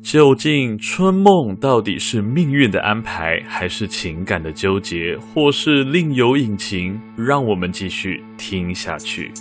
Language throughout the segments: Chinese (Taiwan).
究竟春夢到底是命運的安排，還是情感的糾結，或是另有隱情？讓我們繼續聽下去。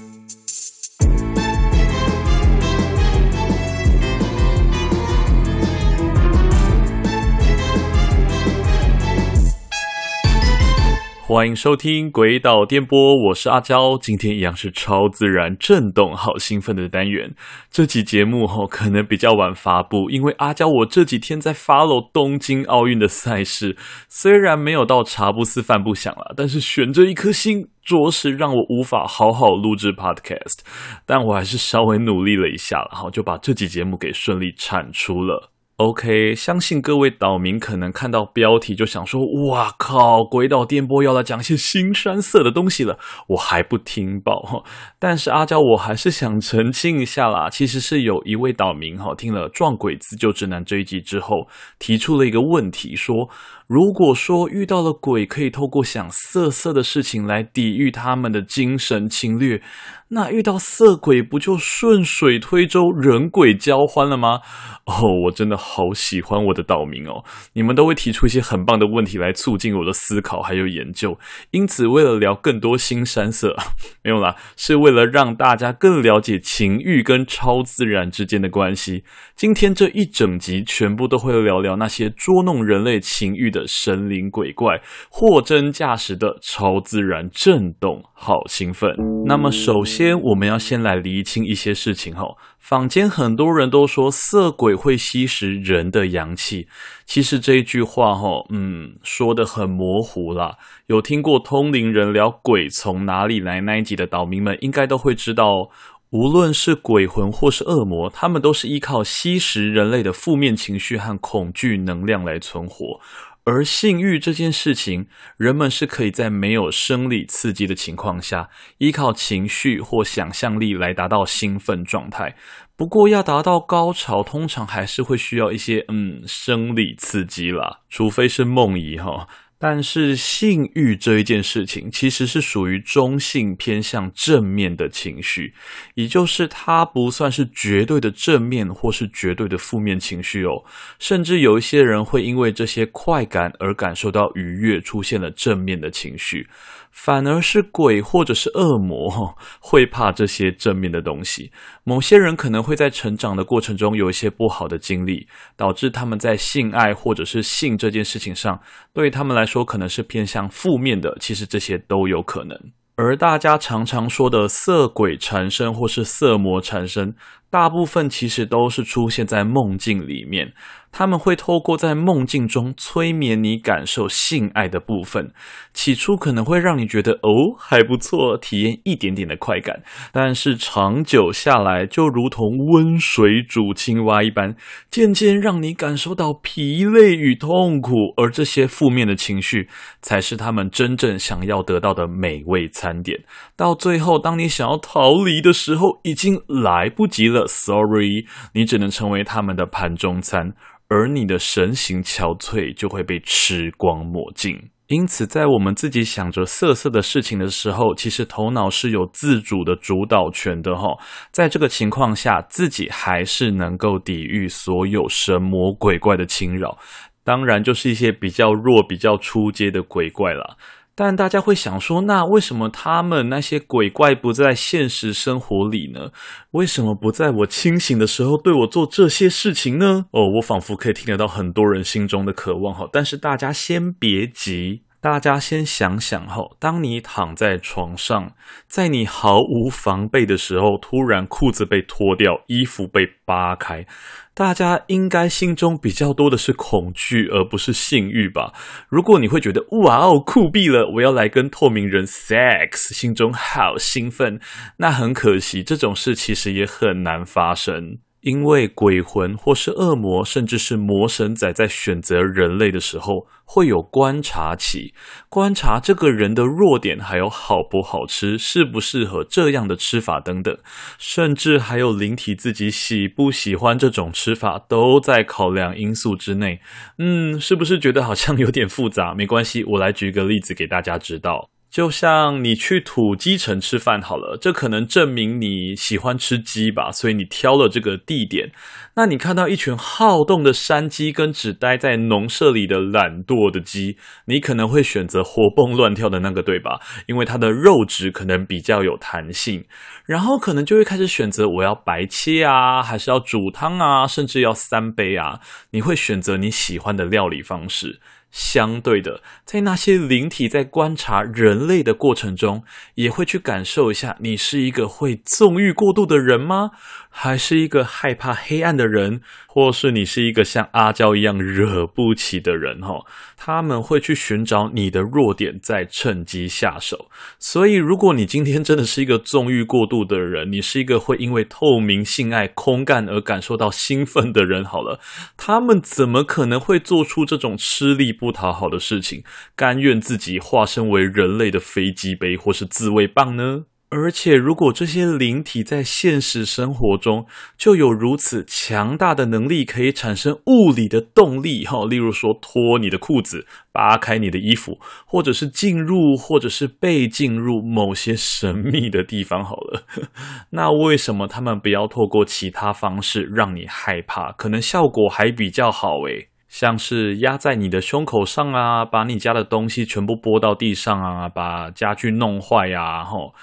歡迎收聽《詭島電波》，我是阿嬌。今天一樣是超自然震動，好興奮的單元。這期節目哦，可能比較晚發布，因為阿嬌我這幾天在 follow 東京奧運的賽事。雖然沒有到茶不思飯不想了，但是懸着一顆心，着實讓我無法好好錄制 podcast。但我還是稍微努力了一下啦，然後就把這期節目給順利產出了。OK，相信各位島民可能看到標題就想說：“哇靠，詭島電波要來講些腥羶色的東西了。”我還不聽爆，但是阿交我還是想澄清一下啦，其實是有一位島民聽了《撞鬼自救指南》這一集之後，提出了一個問題說，如果說遇到了鬼，可以透過想色色的事情來抵禦他們的精神侵略，那遇到色鬼不就順水推舟，人鬼交歡了嗎？哦，我真的好喜歡我的島民哦，你們都會提出一些很棒的問題來促進我的思考還有研究。因此，為了聊更多腥羶色， 沒有啦，是為了讓大家更了解情欲跟超自然之間的關係。今天這一整集全部都會聊聊那些捉弄人類情欲的神靈鬼怪，貨真價實的超自然震動，好興奮！ 那麼，首先我們要先來理清一些事情哈、哦。坊間很多人都說色鬼會吸食人的陽氣，其實這一句話哈、哦，嗯，說得很模糊啦。有聽過通靈人聊鬼從哪裡來那集的島民們，應該都會知道、哦，無論是鬼魂或是惡魔，他們都是依靠吸食人類的負面情緒和恐懼能量來存活。而性欲這件事情，人們是可以在沒有生理刺激的情況下，依靠情緒或想象力來達到興奮狀態。不過要達到高潮，通常還是會需要一些，嗯，生理刺激啦，除非是夢遺哈。但是性慾這一件事情，其實是屬於中性偏向正面的情緒，也就是它不算是絕對的正面或是絕對的負面情緒哦。甚至有一些人會因為這些快感而感受到愉悅，出現了正面的情緒。反而是鬼或者是惡魔會怕這些正面的東西。某些人可能會在成長的過程中有一些不好的經歷，導致他們在性愛或者是性這件事情上，對他們來說可能是偏向負面的。其實這些都有可能。而大家常常說的色鬼纏身或是色魔纏身。大部分其實都是出現在夢境裡面，他們會透過在夢境中催眠你，感受性愛的部分。起初可能會讓你覺得哦還不錯，體驗一點點的快感，但是長久下來，就如同溫水煮青蛙一般，漸漸讓你感受到疲累與痛苦。而這些負面的情緒，才是他們真正想要得到的美味餐點。到最後，當你想要逃離的時候，已經來不及了。Sorry，你只能成為他們的盤中餐，而你的神形憔悴就會被吃光抹淨。因此，在我們自己想着色色的事情的時候，其實頭腦是有自主的主導權的哈、哦。在這個情況下，自己還是能夠抵禦所有神魔鬼怪的侵擾，當然就是一些比較弱、比較初階的鬼怪啦。但大家會想說，那為什麼他們那些鬼怪不在現實生活裡呢？為什麼不在我清醒的時候對我做這些事情呢？哦，我仿佛可以聽得到很多人心中的渴望。好，但是大家先別急。大家先想想哦，後當你躺在床上，在你毫無防備的時候，突然褲子被脫掉，衣服被扒開，大家應該心中比較多的是恐懼，而不是性欲吧？如果你會覺得哇哦酷斃了，我要來跟透明人 sex，心中好興奮，那很可惜，這種事其實也很難發生。因為鬼魂或是惡魔，甚至是魔神仔，在選擇人類的時候，會有觀察期，觀察這個人的弱點，還有好不好吃，適不適合這樣的吃法等等，甚至還有靈體自己喜不喜歡這種吃法，都在考量因素之內。嗯，是不是覺得好像有點複雜？沒關係，我來舉個例子給大家知道。就像你去土雞城吃飯好了，這可能證明你喜歡吃雞吧，所以你挑了這個地點。那你看到一群好動的山雞跟只待在農舍裡的懶惰的雞，你可能會選擇活蹦亂跳的那個，對吧？因為它的肉質可能比較有彈性，然後可能就會開始選擇我要白切啊，還是要煮湯啊，甚至要三杯啊，你會選擇你喜歡的料理方式。相對的，在那些靈體在觀察人類的過程中，也會去感受一下，你是一個會縱慾過度的人嗎？還是一個害怕黑暗的人？或是你是一個像阿交一樣惹不起的人、哦？哈，他們會去尋找你的弱點，再趁機下手。所以，如果你今天真的是一個縱慾過度的人，你是一個會因為透明性愛空干而感受到興奮的人，好了，他們怎麼可能會做出這種吃力不討好的事情，甘願自己化身為人類的飛機杯或是自慰棒呢？而且，如果這些靈體在現實生活中就有如此強大的能力，可以產生物理的動力、哦，哈，例如說脫你的褲子、扒開你的衣服，或者是進入，或者是被進入某些神秘的地方。好了， 那為什麼他們不要透過其他方式讓你害怕？可能效果還比較好誒。像是壓在你的胸口上啊，把你家的東西全部撥到地上啊，把家具弄壞呀，啊，吼，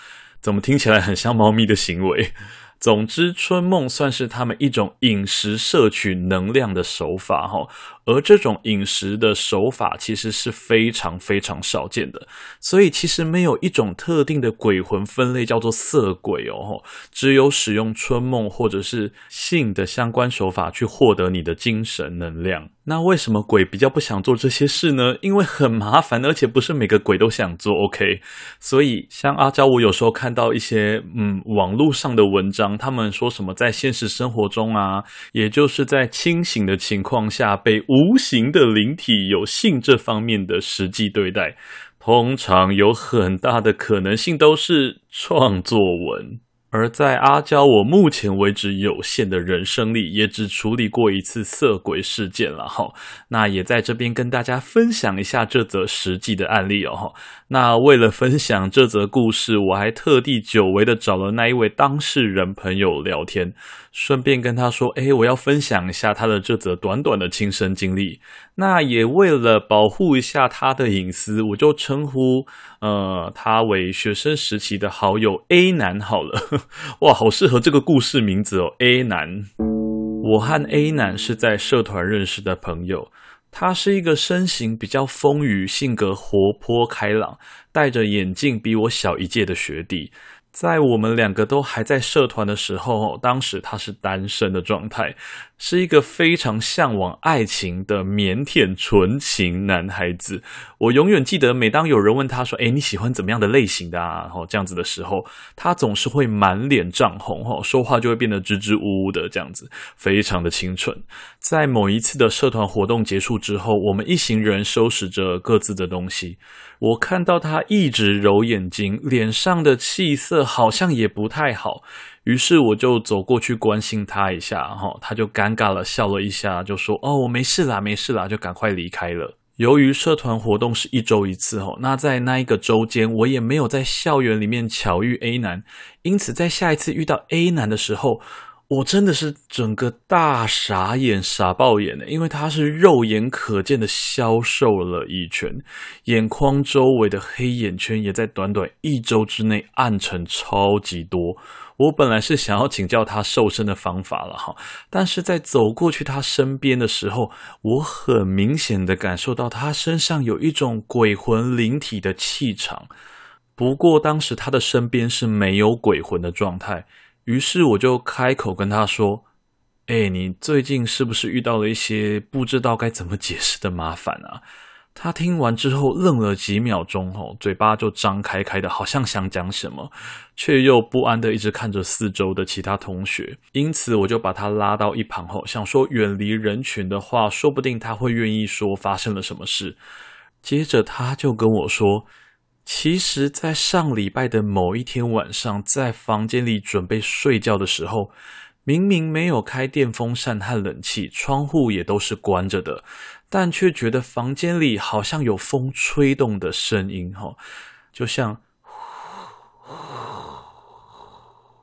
怎麼聽起來很像貓咪的行為？總之，春夢算是他們一種飲食攝取能量的手法，吼。而這種飲食的手法其實是非常非常少見的，所以其實沒有一種特定的鬼魂分類叫做色鬼哦，只有使用春夢或者是性的相關手法去獲得你的精神能量。那為什麼鬼比較不想做這些事呢？因為很麻煩，而且不是每個鬼都想做。OK，所以像阿交，我有時候看到一些嗯網絡上的文章，他們說什麼在現實生活中啊，也就是在清醒的情況下被污。無形的靈體有性這方面的實際對待，通常有很大的可能性都是創作文。而在阿交我目前為止有限的人生裡，也只處理過一次色鬼事件了哈。那也在這邊跟大家分享一下這則實際的案例哦。那為了分享這則故事，我還特地久違的找了那一位當事人朋友聊天，順便跟他說：“誒，我要分享一下他的這則短短的親身經歷。”那也為了保護一下他的隱私，我就稱呼呃他為學生時期的好友 A 男好了。哇，好適合這個故事名字哦，A 男。我和 A 男是在社團認識的朋友，他是一個身形比較豐腴、性格活潑開朗、戴着眼鏡、比我小一屆的學弟。在我們兩個都還在社團的時候，當時他是單身的狀態。是一個非常嚮往愛情的腼腆純情男孩子。我永遠記得，每當有人問他說：“誒，你喜歡怎麼樣的類型的啊？”哦，這樣子的時候，他總是會滿臉漲紅，哈、哦，說話就會變得支支吾吾的，這樣子，非常的清純。在某一次的社團活動結束之後，我們一行人收拾着各自的東西，我看到他一直揉眼睛，臉上的氣色好像也不太好。於是我就走過去關心他一下，哈，他就尷尬了，笑了一下，就說：“哦，我沒事啦，沒事啦。”就趕快離開了。由於社團活動是一周一次，哈，那在那一個周間，我也沒有在校園裡面巧遇 A 男，因此在下一次遇到 A 男的時候，我真的是整個大傻眼、傻爆眼的，因為他是肉眼可見的消瘦了一圈，眼眶周圍的黑眼圈也在短短一周之內暗沉超級多。我本來是想要請教他瘦身的方法了哈，但是在走過去他身邊的時候，我很明顯地感受到他身上有一種鬼魂靈體的氣場。不過當時他的身邊是沒有鬼魂的狀態，於是我就開口跟他說：“欸，你最近是不是遇到了一些不知道該怎麼解釋的麻煩啊？”他聽完之後愣了幾秒鐘，吼，嘴巴就張開開的，好像想講什麼，卻又不安地一直看着四周的其他同學。因此，我就把他拉到一旁，吼，想說遠離人群的話，說不定他會願意說發生了什麼事。接着，他就跟我說，其實，在上禮拜的某一天晚上，在房間裡準備睡覺的時候，明明沒有開電風扇和冷氣，窗戶也都是關着的。但卻覺得房間裡好像有風吹動的聲音，吼，就像呼呼，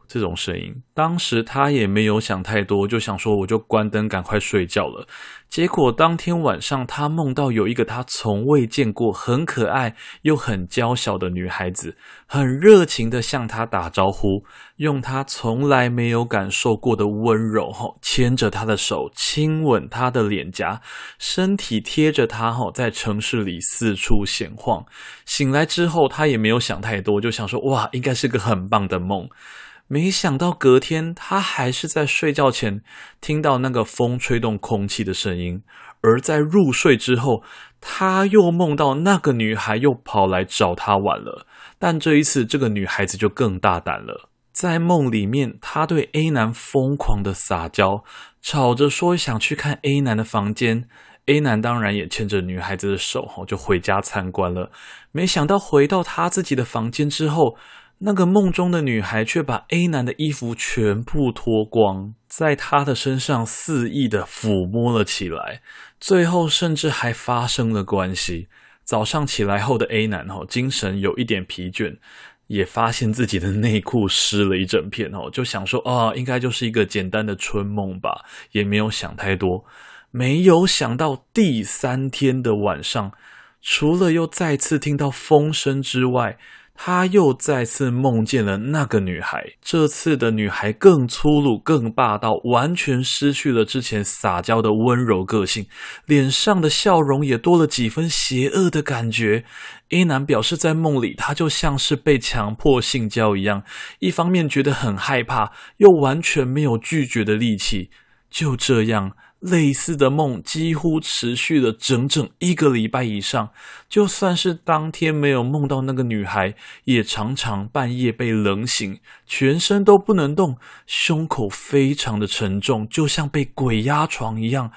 這種聲音。當時他也沒有想太多，就想說，我就關燈，趕快睡覺了。結果當天晚上，他夢到有一個他從未見過、很可愛又很嬌小的女孩子，很熱情地向他打招呼，用他從來沒有感受過的溫柔，牽着他的手，親吻他的臉頰，身體貼着他，在城市裡四處閒晃。醒來之後，他也沒有想太多，就想說：哇，應該是個很棒的夢。沒想到隔天，他還是在睡覺前聽到那個風吹動空氣的聲音，而在入睡之後，他又夢到那個女孩又跑來找他玩了。但這一次，這個女孩子就更大膽了，在夢裡面，他對 A 男瘋狂的撒嬌，吵着說想去看 A 男的房間。A 男當然也牽着女孩子的手，就回家參觀了。沒想到回到他自己的房間之後，那個夢中的女孩卻把 A 男的衣服全部脫光，在他的身上肆意的撫摸了起來，最後甚至還發生了關係。早上起來後的 A 男哦，精神有一點疲倦，也發現自己的內褲濕了一整片哦，就想說啊，應該就是一個簡單的春夢吧，也沒有想太多。沒有想到第三天的晚上，除了又再次聽到風聲之外，他又再次夢見了那個女孩，這次的女孩更粗魯、更霸道，完全失去了之前撒嬌的溫柔個性，臉上的笑容也多了幾分邪惡的感覺。A 男表示，在夢裡他就像是被強迫性交一樣，一方面覺得很害怕，又完全沒有拒絕的力氣，就這樣。類似的夢幾乎持續了整整一個禮拜以上，就算是當天沒有夢到那個女孩，也常常半夜被冷醒，全身都不能動，胸口非常的沉重，就像被鬼壓床一樣，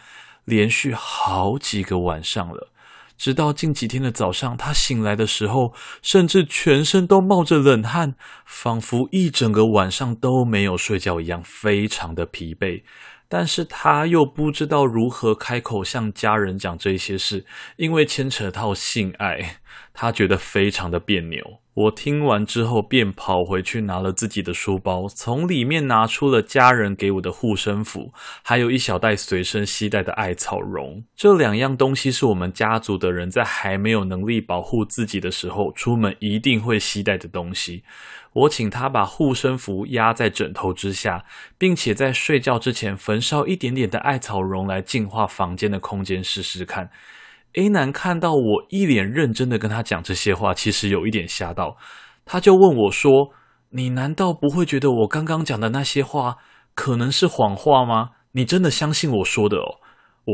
連續好幾個晚上了。直到近幾天的早上，他醒來的時候，甚至全身都冒着冷汗，仿佛一整個晚上都沒有睡覺一樣，非常的疲憊。但是他又不知道如何開口向家人講這些事，因為牽扯到性愛，他覺得非常的彆扭。我聽完之後，便跑回去拿了自己的書包，從裡面拿出了家人給我的護身符，還有一小袋隨身攜帶的艾草絨。這兩樣東西是我們家族的人在還沒有能力保護自己的時候，出門一定會攜帶的東西。我請他把護身符壓在枕頭之下，並且在睡覺之前焚燒一點點的艾草絨來淨化房間的空間，試試看。A 男看到我一臉認真的跟他講這些話，其實有一點嚇到，他就問我說：“你難道不會覺得我剛剛講的那些話可能是謊話嗎？你真的相信我說的哦？”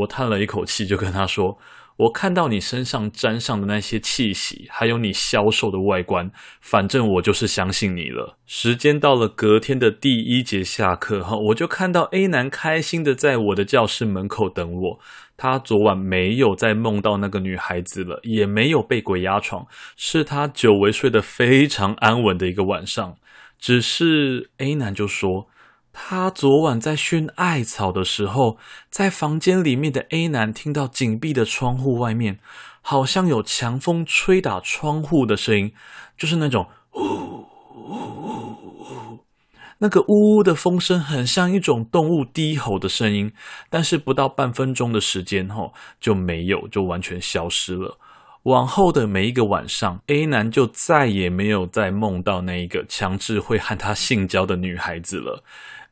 我嘆了一口氣，就跟他說：“我看到你身上沾上的那些氣息，還有你消瘦的外觀，反正我就是相信你了。”時間到了，隔天的第一節下課，我就看到 A 男開心地在我的教室門口等我。他昨晚沒有再夢到那個女孩子了，也沒有被鬼壓床，是他久違睡得非常安穩的一個晚上。只是 A 男就說，他昨晚在燻艾草的時候，在房間裡面的 A 男聽到緊閉的窗戶外面好像有強風吹打窗戶的聲音，就是那種呼呼呼呼呼。那個嗚嗚的風聲很像一種動物低吼的聲音，但是不到半分鐘的時間，哦，吼就沒有，就完全消失了。往後的每一個晚上，A 男就再也沒有再夢到那一個強制會和他性交的女孩子了。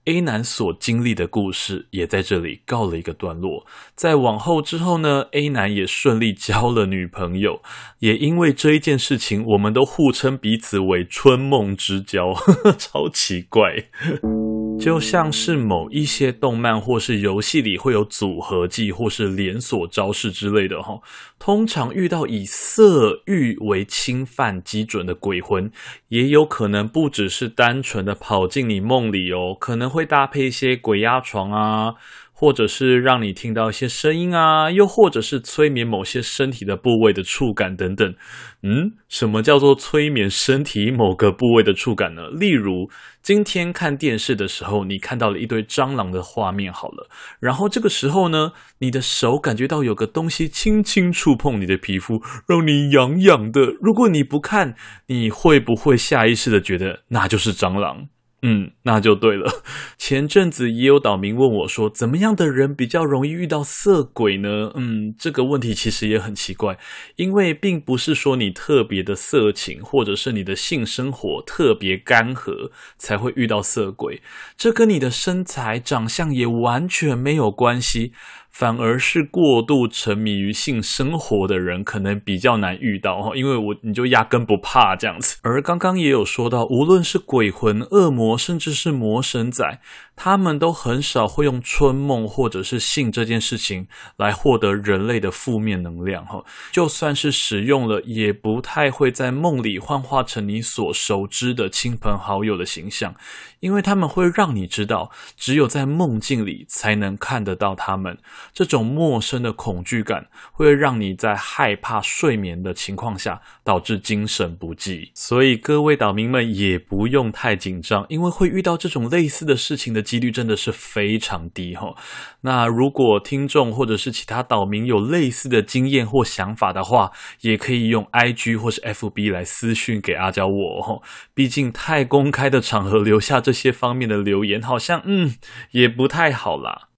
A 男所經歷的故事也在這裡告了一個段落。在往後之後呢，A 男也順利交了女朋友，也因為這一件事情，我們都互稱彼此為“春夢之交”，呵呵，超奇怪。就像是某一些動漫或是遊戲裡會有組合技或是連鎖招式之類的，通常遇到以色欲為侵犯基準的鬼魂，也有可能不只是單純的跑進你夢裡哦，可能會搭配一些鬼壓床啊。或者是讓你聽到一些聲音啊，又或者是催眠某些身體的部位的觸感等等。嗯，什麼叫做催眠身體某個部位的觸感呢？例如，今天看電視的時候，你看到了一堆蟑螂的畫面好了，然後這個時候呢，你的手感覺到有個東西輕輕觸碰你的皮膚，讓你癢癢的。如果你不看，你會不會下意識的覺得那就是蟑螂？嗯，那就對了。前陣子也有島民問我說，說怎麼樣的人比較容易遇到色鬼呢？嗯，這個問題其實也很奇怪，因為並不是說你特別的色情，或者是你的性生活特別乾涸才會遇到色鬼，這跟你的身材、長相也完全沒有關係。反而是過度沉迷於性生活的人，可能比較難遇到哦，因為我你就壓根不怕這樣子。而剛剛也有說到，無論是鬼魂、惡魔，甚至是魔神仔。他們都很少會用春夢或者是性這件事情來獲得人類的負面能量哈，就算是使用了，也不太會在夢裡幻化成你所熟知的親朋好友的形象，因為他們會讓你知道，只有在夢境裡才能看得到他們。這種陌生的恐懼感，會讓你在害怕睡眠的情況下導致精神不濟。所以各位島民們也不用太緊張，因為會遇到這種類似的事情的。幾率真的是非常低哈。那如果聽眾或者是其他島民有類似的經驗或想法的話，也可以用 IG 或是 FB 來私訊給阿交我哈。畢竟太公開的場合留下這些方面的留言，好像嗯也不太好啦。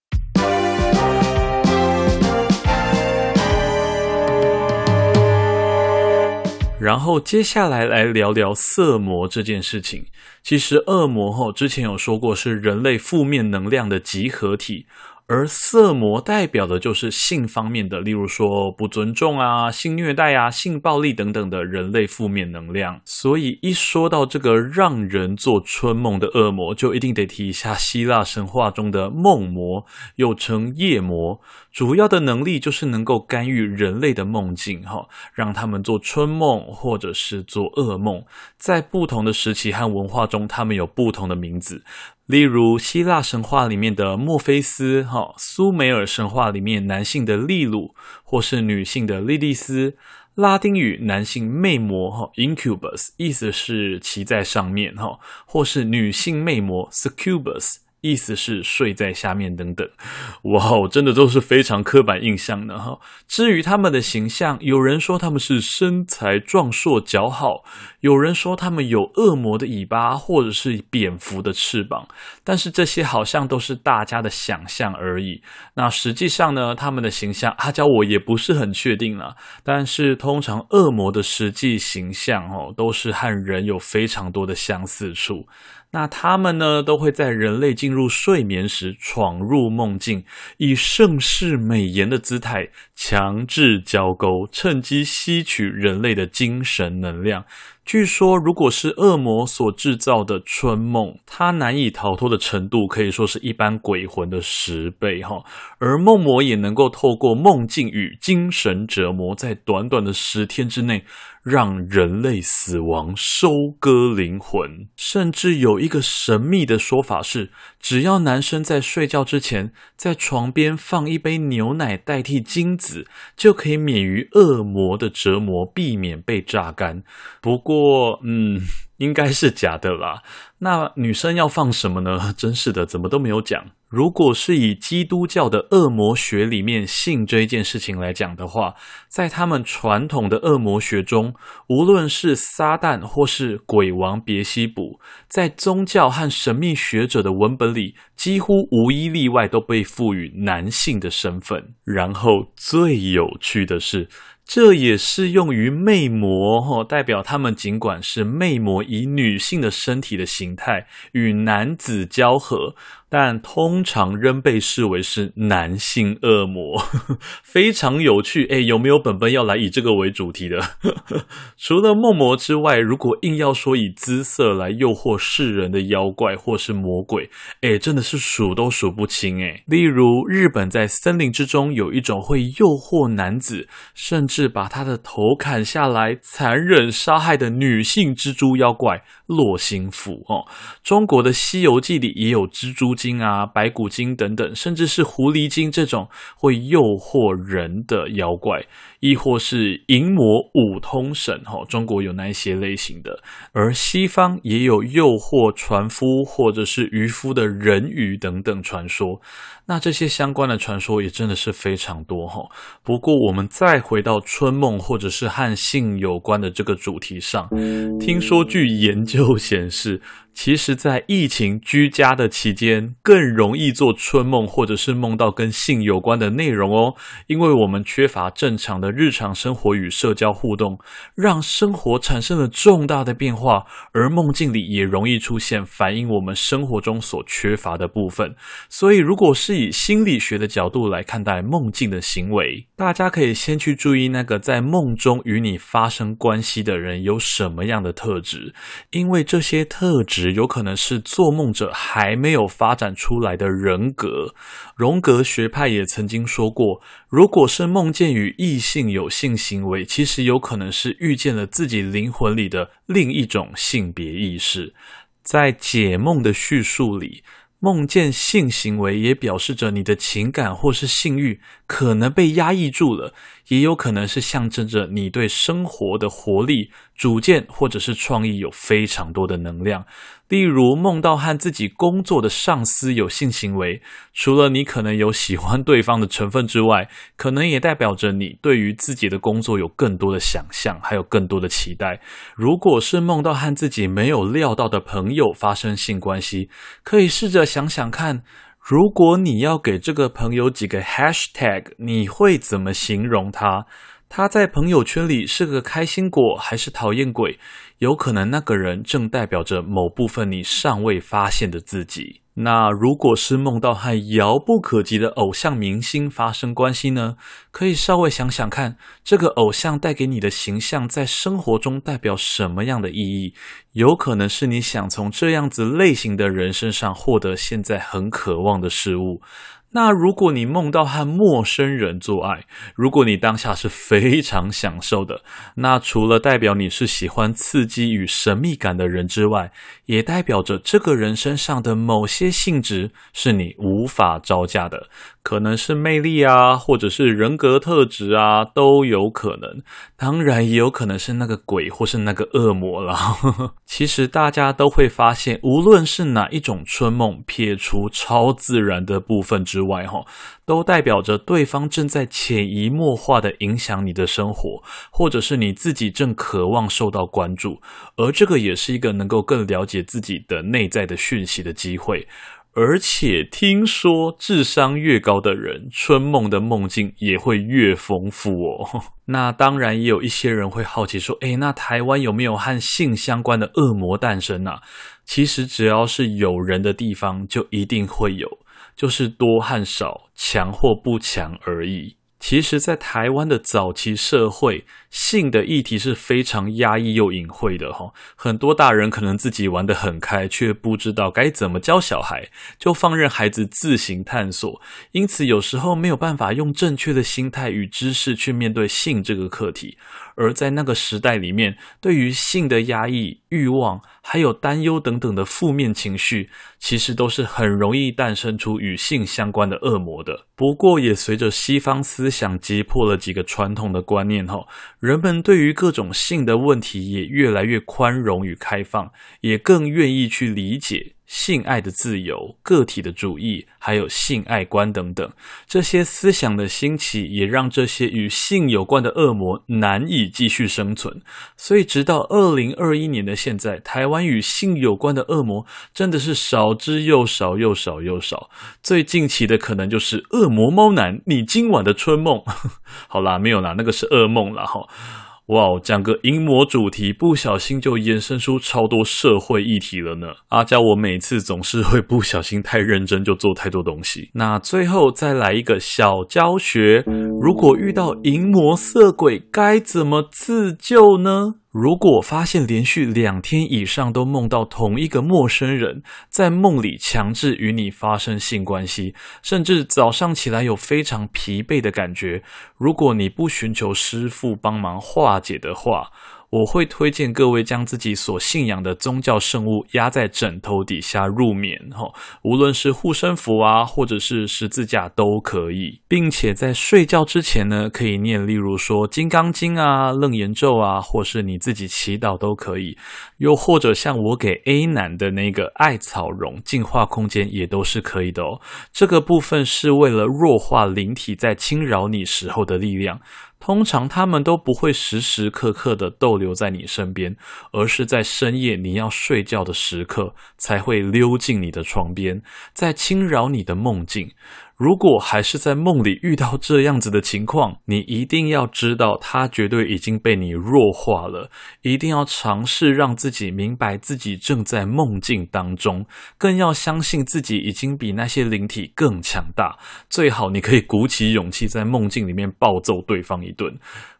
然後接下來來聊聊色魔這件事情。其實惡魔吼，之前有說過，是人類負面能量的集合體。而色魔代表的就是性方面的，例如說不尊重啊、性虐待啊、性暴力等等的人類負面能量。所以一說到這個讓人做春夢的惡魔，就一定得提一下希臘神話中的夢魔，又稱夜魔，主要的能力就是能夠干預人類的夢境，哈，讓他們做春夢或者是做噩夢。在不同的時期和文化中，他們有不同的名字。例如希臘神話裡面的墨菲斯哈，蘇美爾神話裡面男性的利魯，或是女性的莉莉絲，拉丁語男性魅魔哈、哦、（incubus） 意思是騎在上面哈、哦，或是女性魅魔 succubus 意思是睡在下面等等，哇哦，真的都是非常刻板印象呢哈。至於他們的形象，有人說他們是身材壯碩、姣好，有人說他們有惡魔的尾巴或者是蝙蝠的翅膀，但是這些好像都是大家的想象而已。那實際上呢，他們的形象，阿交我也不是很確定了。但是通常惡魔的實際形象哦，都是和人有非常多的相似處。那他們呢，都會在人類進入睡眠時闖入夢境，以盛世美顏的姿態強制交媾，趁機吸取人類的精神能量。據說，如果是惡魔所製造的春夢，它難以逃脫的程度可以說是一般鬼魂的十倍哈。而夢魔也能夠透過夢境與精神折磨，在短短的十天之內讓人類死亡、收割靈魂。甚至有一個神秘的說法是，只要男生在睡覺之前，在床邊放一杯牛奶代替精子，就可以免於惡魔的折磨，避免被榨乾。不過。不過嗯，應該是假的啦。那女生要放什麼呢？真是的，怎麼都沒有講。如果是以基督教的惡魔學裡面性這一件事情來講的話，在他們傳統的惡魔學中，無論是撒旦或是鬼王別西卜，在宗教和神秘學者的文本裡，幾乎無一例外都被賦予男性的身份。然後最有趣的是。這也適用於魅魔，吼，代表他們儘管是魅魔，以女性的身體的形態與男子交合，但通常仍被視為是男性惡魔， 非常有趣。哎，有沒有本本要來以這個為主題的？ 除了夢魔之外，如果硬要說以姿色來誘惑世人的妖怪或是魔鬼，哎，真的是數都數不清。哎，例如日本在森林之中有一種會誘惑男子，甚至把他的頭砍下來，殘忍殺害的女性蜘蛛妖怪絡新婦哦，中國的《西遊記》裡也有蜘蛛精啊，白骨精等等，甚至是狐狸精這種會誘惑人的妖怪，亦或是淫魔五通神、哦、中國有那一些類型的，而西方也有誘惑船夫或者是漁夫的人魚等等傳說。那這些相關的傳說也真的是非常多哈、哦。不過我們再回到春夢或者是和性有關的這個主題上，聽說據研究顯示。其實，在疫情居家的期間，更容易做春夢，或者是夢到跟性有關的內容哦。因為我們缺乏正常的日常生活與社交互動，讓生活產生了重大的變化，而夢境裡也容易出現反映我們生活中所缺乏的部分。所以，如果是以心理學的角度來看待夢境的行為，大家可以先去注意那個在夢中與你發生關係的人有什麼樣的特質。因為這些特質。有可能是做夢者還沒有發展出來的人格。榮格學派也曾經說過，如果是夢見與異性有性行為，其實有可能是遇見了自己靈魂裡的另一種性別意識。在解夢的敘述裡，夢見性行為也表示着你的情感或是性欲可能被壓抑住了。也有可能是象徵着你對生活的活力、主見或者是創意有非常多的能量。例如，夢到和自己工作的上司有性行為，除了你可能有喜歡對方的成分之外，可能也代表着你對於自己的工作有更多的想象，還有更多的期待。如果是夢到和自己沒有料到的朋友發生性關係，可以試着想想看。如果你要給這個朋友幾個 hashtag，你會怎麼形容他？他在朋友圈裡是個開心果還是討厭鬼？有可能那個人正代表着某部分你尚未發現的自己。那如果是夢到和遙不可及的偶像明星發生關係呢？可以稍微想想看，這個偶像帶給你的形象，在生活中代表什麼樣的意義？有可能是你想從這樣子類型的人身上獲得現在很渴望的事物。那如果你夢到和陌生人做愛，如果你當下是非常享受的，那除了代表你是喜歡刺激與神秘感的人之外，也代表着這個人身上的某些性質是你無法招架的，可能是魅力啊，或者是人格特質啊，都有可能。當然，也有可能是那個鬼，或是那個惡魔啦。 其實大家都會發現，無論是哪一種春夢，撇除超自然的部分之外，哈，都代表着對方正在潛移默化地影響你的生活，或者是你自己正渴望受到關注。而這個也是一個能夠更了解。解自己的內在的訊息的機會，而且聽說智商越高的人，春夢的夢境也會越豐富哦。那當然也有一些人會好奇說，誒，那台灣有沒有和性相關的惡魔誕生啊？其實只要是有人的地方，就一定會有，就是多和少、強或不強而已。其實，在台灣的早期社會，性的議題是非常壓抑又隱晦的吼，很多大人可能自己玩得很開，卻不知道該怎麼教小孩，就放任孩子自行探索。因此，有時候沒有辦法用正確的心態與知識去面對性這個課題。而在那個時代裡面，對於性的壓抑、慾望還有擔憂等等的負面情緒，其實都是很容易誕生出與性相關的惡魔的。不過，也隨着西方思想擊破了幾個傳統的觀念後，人們對於各種性的問題也越來越寬容與開放，也更願意去理解。性愛的自由、個體的主義，還有性愛觀等等，這些思想的興起，也讓這些與性有關的惡魔難以繼續生存。所以，直到二零二一年的現在，台灣與性有關的惡魔真的是少之又少又少又少。最近期的可能就是惡魔貓男，你今晚的春夢？呵呵，好啦，沒有啦，那個是噩夢了哈。哇哦，講、wow, 個淫魔主題，不小心就延伸出超多社會議題了呢。阿交，我每次總是會不小心太認真，就做太多東西。那最後再來一個小教學，如果遇到淫魔色鬼，該怎麼自救呢？如果發現連續兩天以上都夢到同一個陌生人，在夢裡強制與你發生性關係，甚至早上起來有非常疲憊的感覺，如果你不尋求師父幫忙化解的話。我會推薦各位將自己所信仰的宗教聖物壓在枕頭底下入眠吼、哦，無論是護身符啊，或者是十字架都可以，並且在睡覺之前呢，可以念，例如說《金剛經》啊、《楞嚴咒》啊，或是你自己祈禱都可以，又或者像我給 A 男的那個艾草絨淨化空間也都是可以的哦。這個部分是為了弱化靈體在侵擾你時候的力量。通常他們都不會時時刻刻的逗留在你身邊，而是在深夜你要睡覺的時刻，才會溜進你的床邊，在侵擾你的夢境。如果還是在夢裡遇到這樣子的情況，你一定要知道，祂絕對已經被你弱化了。一定要嘗試讓自己明白自己正在夢境當中，更要相信自己已經比那些靈體更強大。最好你可以鼓起勇氣，在夢境裡面暴揍對方一頓。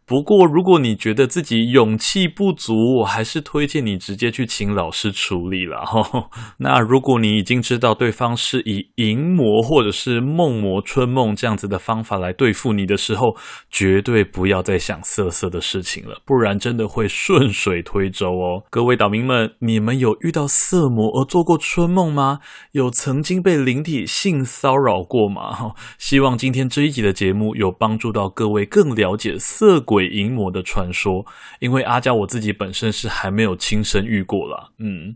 不過，如果你覺得自己勇氣不足，我還是推薦你直接去請老師處理了哈。那如果你已經知道對方是以淫魔或者是夢魔春夢這樣子的方法來對付你的時候，絕對不要再想色色的事情了，不然真的會順水推舟哦。各位島民們，你們有遇到色魔而做過春夢嗎？有曾經被靈體性騷擾過嗎？哈，希望今天這一集的節目有幫助到各位更了解色鬼。鬼淫魔的傳說，因為阿交我自己本身是還沒有親身遇過了，嗯，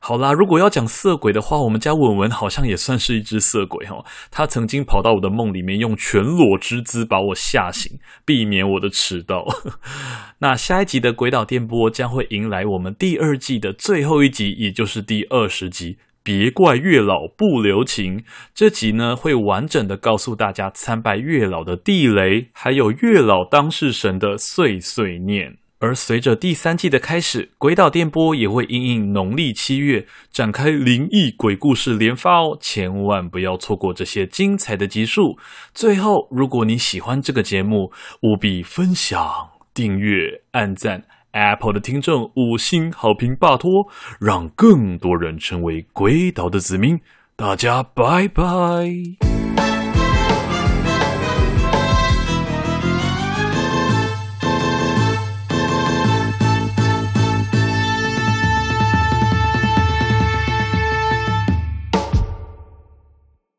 好啦，如果要講色鬼的話，我們家文文好像也算是一隻色鬼哈、哦，他曾經跑到我的夢裡面，用全裸之姿把我嚇醒，避免我的遲到。 那下一集的《詭島電波》將會迎來我們第二季的最後一集，也就是第二十集。別怪月老不留情，這集呢，會完整地告訴大家參拜月老的地雷，還有月老當事神的碎碎念。而隨着第三季的開始，鬼島電波也會因應農曆七月展開靈異鬼故事連發哦，千萬不要錯過這些精彩的集數。最後，如果你喜歡這個節目，務必分享、訂閱、按讚。Apple 的聽眾五星好評霸脫，讓更多人成為詭島的子民。大家，拜拜。